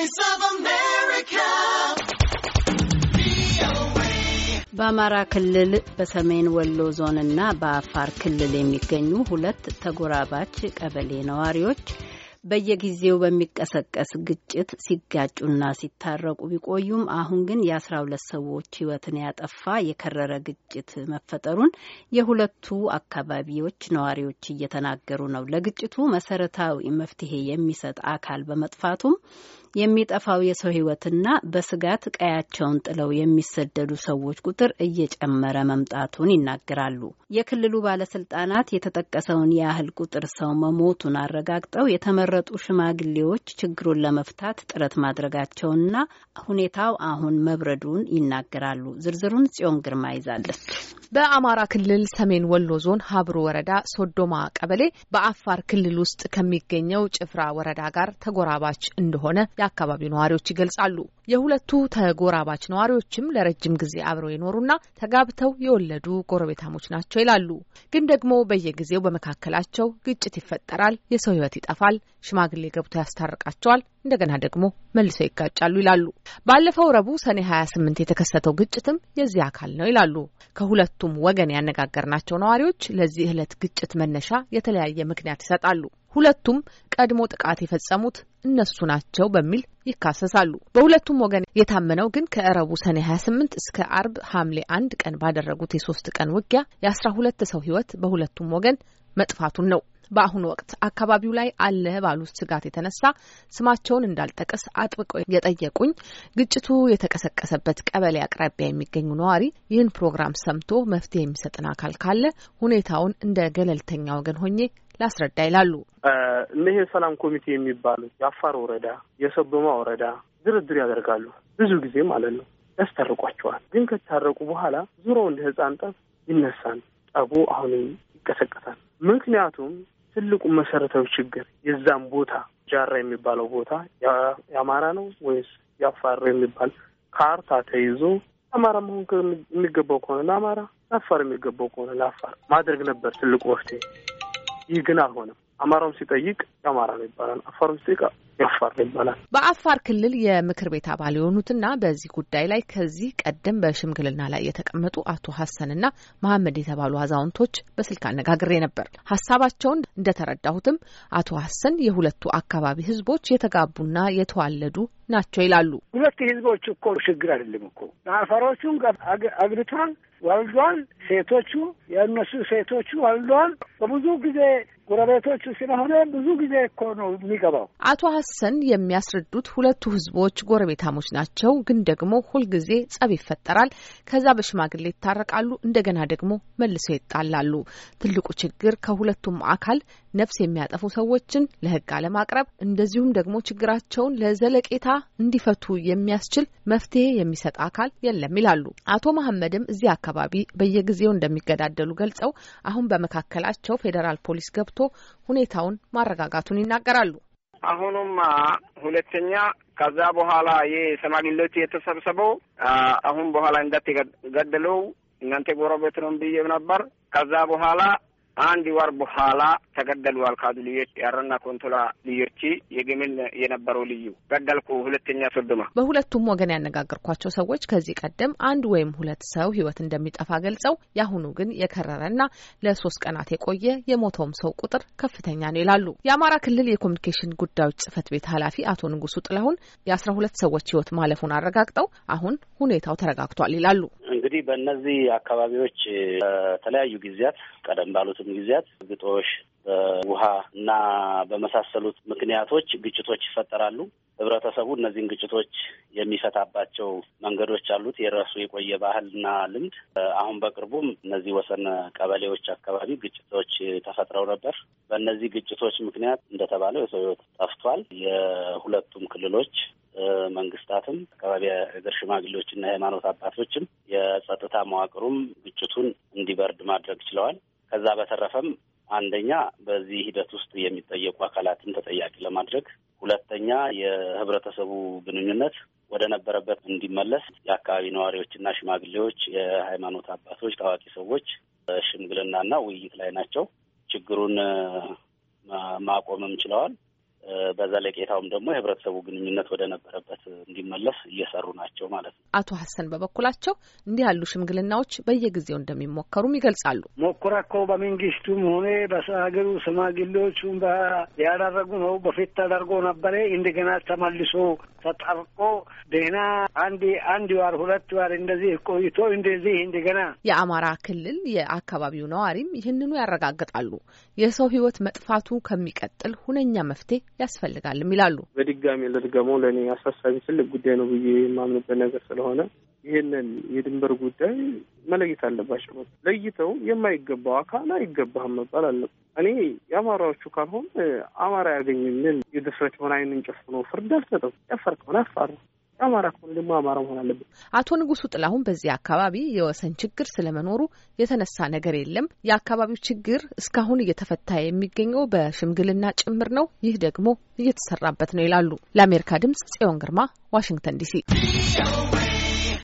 Voice of America. በአማራ ክልል በሰሜን ወሎ ዞን እና በአፋር ክልል የሚገኙ ሁለት ተጎራባች ቀበሌ ነዋሪዎች በየጊዜው በሚቀሰቀስ ግጭት ሲጋጩና ሲታረቁ ቢቆዩም አሁን ግን የአስራ ሁለት ሰዎች ሕይወትን ያጠፋ የከረረ ግጭት መፈጠሩን የሁለቱ አካባቢዎች ነዋሪዎች እየተናገሩ ነው። ለግጭቱ መሰረታዊ መፍትሄ የሚሰጥ አካል በመጥፋቱም የሚጠፋው የሰው ህይወትና በስጋት ቀያቸውን ጥለው የሚሰደዱ ሰዎች ቁጥር እየጨመረ መምጣቱን ይናገራሉ። የክልሉ ባለስልጣናት የተጠቀሰውን ያህል ቁጥር ሰው መሞቱን አረጋግጠው የተመረጡ ሽማግሌዎች ችግሩን ለመፍታት ጥረት ማድረጋቸውንና ሁኔታው አሁን መብረዱን ይናገራሉ። ዝርዝሩን ጽዮን ግርማ ይዛለች። በአማራ ክልል ሰሜን ወሎ ዞን ሀብሩ ወረዳ ሶዶማ ቀበሌ በአፋር ክልል ውስጥ ከሚገኘው ጭፍራ ወረዳ ጋር ተጎራባች እንደሆነ የአካባቢው ነዋሪዎች ይገልጻሉ። የሁለቱ ተጎራባች ነዋሪዎችም ለረጅም ጊዜ አብረው የኖሩና ተጋብተው የወለዱ ጎረቤታሞች ናቸው ይላሉ። ግን ደግሞ በየጊዜው በመካከላቸው ግጭት ይፈጠራል፣ የሰው ሕይወት ይጠፋል፣ ሽማግሌ ገብቶ ያስታርቃቸዋል፣ እንደገና ደግሞ መልሰው ይጋጫሉ ይላሉ። ባለፈው ረቡዕ ሰኔ 28 የተከሰተው ግጭትም የዚህ አካል ነው ይላሉ። ከሁለቱም ወገን ያነጋገርናቸው ነዋሪዎች ለዚህ ዕለት ግጭት መነሻ የተለያየ ምክንያት ይሰጣሉ። ሁለቱም ቀድሞ ጥቃት የፈጸሙት እነሱ ናቸው በሚል ይካሰሳሉ። በሁለቱም ወገን የታመነው ግን ከእረቡ ሰኔ 28 እስከ አርብ ሐምሌ አንድ ቀን ባደረጉት የሶስት ቀን ውጊያ የአስራ ሁለት ሰው ህይወት በሁለቱም ወገን መጥፋቱን ነው። በአሁኑ ወቅት አካባቢው ላይ አለ ባሉት ስጋት የተነሳ ስማቸውን እንዳልጠቀስ አጥብቀው የጠየቁኝ ግጭቱ የተቀሰቀሰበት ቀበሌ አቅራቢያ የሚገኙ ነዋሪ ይህን ፕሮግራም ሰምቶ መፍትሄ የሚሰጥን አካል ካለ ሁኔታውን እንደ ገለልተኛ ወገን ሆኜ ላስረዳ ይላሉ። እነህ የሰላም ኮሚቴ የሚባሉ የአፋር ወረዳ፣ የሰበማ ወረዳ ድርድር ያደርጋሉ ብዙ ጊዜ ማለት ነው። ያስታርቋቸዋል። ግን ከታረቁ በኋላ ዙሮ እንደ ህፃን ጠብ ይነሳል። ጠቡ አሁንም ይቀሰቀሳል። ምክንያቱም ትልቁ መሰረታዊ ችግር የዛም ቦታ ጃራ የሚባለው ቦታ የአማራ ነው ወይስ የአፋር የሚባል ካርታ ተይዞ አማራ መሆን የሚገባው ከሆነ ለአማራ፣ ለአፋር የሚገባው ከሆነ ለአፋር ማድረግ ነበር ትልቁ መፍትሄ። ይህ ግን አልሆነም። አማራውም ሲጠይቅ የአማራ ነው ይባላል። አፋሩም ሲጠይቅ የአፋር ነው ይባላል። በአፋር ክልል የምክር ቤት አባል የሆኑትና በዚህ ጉዳይ ላይ ከዚህ ቀደም በሽምግልና ላይ የተቀመጡ አቶ ሀሰንና መሀመድ የተባሉ አዛውንቶች በስልክ አነጋግሬ ነበር። ሀሳባቸውን እንደተረዳሁትም አቶ ሀሰን የሁለቱ አካባቢ ህዝቦች የተጋቡና የተዋለዱ ናቸው ይላሉ። ሁለት ህዝቦች እኮ ችግር አይደለም እኮ አፋሮቹ አግብቷል፣ ወልዷል። ሴቶቹ የእነሱ ሴቶቹ ወልዷል። በብዙ ጊዜ ጎረቤቶቹ ስለሆነ ብዙ ጊዜ እኮ ነው የሚገባው። አቶ ሀሰን የሚያስረዱት ሁለቱ ህዝቦች ጎረቤታሞች ናቸው፣ ግን ደግሞ ሁልጊዜ ጸብ ይፈጠራል። ከዛ በሽማግሌ ይታረቃሉ፣ እንደገና ደግሞ መልሰው ይጣላሉ። ትልቁ ችግር ከሁለቱም አካል ነፍስ የሚያጠፉ ሰዎችን ለህግ አለማቅረብ፣ እንደዚሁም ደግሞ ችግራቸውን ለዘለቄታ እንዲፈቱ የሚያስችል መፍትሄ የሚሰጥ አካል የለም ይላሉ። አቶ መሐመድም እዚህ አካባቢ በየጊዜው እንደሚገዳደሉ ገልጸው አሁን በመካከላቸው ፌዴራል ፖሊስ ገብቶ ገብቶ ሁኔታውን ማረጋጋቱን ይናገራሉ። አሁኑም ሁለተኛ ከዛ በኋላ የሰማግሌዎች የተሰብሰበው አሁን በኋላ እንዳትገደለው እናንተ ጎረቤት ነው ብዬ ነበር። ከዛ በኋላ አንድ ወር በኋላ ተገደሉ አልካዱ ልዮች ያረና ኮንቶላ ልዮች የግምን የነበረው ልዩ ገደልኩ ሁለተኛ ፍርድማ በሁለቱም ወገን ያነጋገርኳቸው ሰዎች ከዚህ ቀደም አንድ ወይም ሁለት ሰው ህይወት እንደሚጠፋ ገልጸው የአሁኑ ግን የከረረና ለሶስት ቀናት የቆየ የሞተውም ሰው ቁጥር ከፍተኛ ነው ይላሉ። የአማራ ክልል የኮሚኒኬሽን ጉዳዮች ጽህፈት ቤት ኃላፊ አቶ ንጉሱ ጥላሁን የአስራ ሁለት ሰዎች ህይወት ማለፉን አረጋግጠው አሁን ሁኔታው ተረጋግቷል ይላሉ። እንግዲህ በእነዚህ አካባቢዎች በተለያዩ ጊዜያት ቀደም ባሉትም ጊዜያት ግጦሽ በውሃ እና በመሳሰሉት ምክንያቶች ግጭቶች ይፈጠራሉ። ህብረተሰቡ እነዚህን ግጭቶች የሚፈታባቸው መንገዶች አሉት፣ የረሱ የቆየ ባህልና ልምድ። አሁን በቅርቡም እነዚህ ወሰን ቀበሌዎች አካባቢ ግጭቶች ተፈጥረው ነበር። በእነዚህ ግጭቶች ምክንያት እንደተባለው የሰው ህይወት ጠፍቷል። የሁለቱም ክልሎች መንግስታትም አካባቢ እግር ሽማግሌዎች የሃይማኖት አባቶችም የጸጥታ መዋቅሩም ግጭቱን እንዲበርድ ማድረግ ችለዋል። ከዛ በተረፈም አንደኛ በዚህ ሂደት ውስጥ የሚጠየቁ አካላትን ተጠያቂ ለማድረግ፣ ሁለተኛ የህብረተሰቡ ግንኙነት ወደ ነበረበት እንዲመለስ የአካባቢ ነዋሪዎችና ሽማግሌዎች፣ የሃይማኖት አባቶች፣ ታዋቂ ሰዎች ሽምግልናና ውይይት ላይ ናቸው። ችግሩን ማቆምም ችለዋል። በዘለቄታውም ደግሞ የህብረተሰቡ ግንኙነት ወደ ነበረበት እንዲመለስ እየሰሩ ናቸው ማለት ነው። አቶ ሀሰን በበኩላቸው እንዲህ ያሉ ሽምግልናዎች በየጊዜው እንደሚሞከሩም ይገልጻሉ። ሞክራ እኮ በመንግስቱም ሆነ በሀገሩ ሽማግሌዎቹም ያደረጉ ነው። በፊት ተደርጎ ነበረ። እንደገና ተመልሶ ተጠርቆ ደህና አንድ አንድ ዋር ሁለት ዋር እንደዚህ ቆይቶ እንደዚህ እንደገና የአማራ ክልል የአካባቢው ነዋሪም ይህንኑ ያረጋግጣሉ። የሰው ህይወት መጥፋቱ ከሚቀጥል ሁነኛ መፍትሄ ያስፈልጋልም ይላሉ። በድጋሚ ልድገመው፣ ለእኔ አሳሳቢ ትልቅ ጉዳይ ነው ብዬ የማምንበት ነገር ስለሆነ ይህንን የድንበር ጉዳይ መለየት አለባቸው። ለይተው የማይገባው አካል አይገባህም መባል አለበት። እኔ የአማራዎቹ ካልሆን አማራ ያገኝልን የድፍረት የሆነ አይንን ጨፍኖ ፍርድ አልሰጠም። ያፈር ከሆነ አፋር አማራ ከሆነ ደግሞ አማራ መሆን አለበት። አቶ ንጉሱ ጥላሁን በዚህ አካባቢ የወሰን ችግር ስለመኖሩ የተነሳ ነገር የለም። የአካባቢው ችግር እስካሁን እየተፈታ የሚገኘው በሽምግልና ጭምር ነው። ይህ ደግሞ እየተሰራበት ነው ይላሉ። ለአሜሪካ ድምጽ ጽዮን ግርማ ዋሽንግተን ዲሲ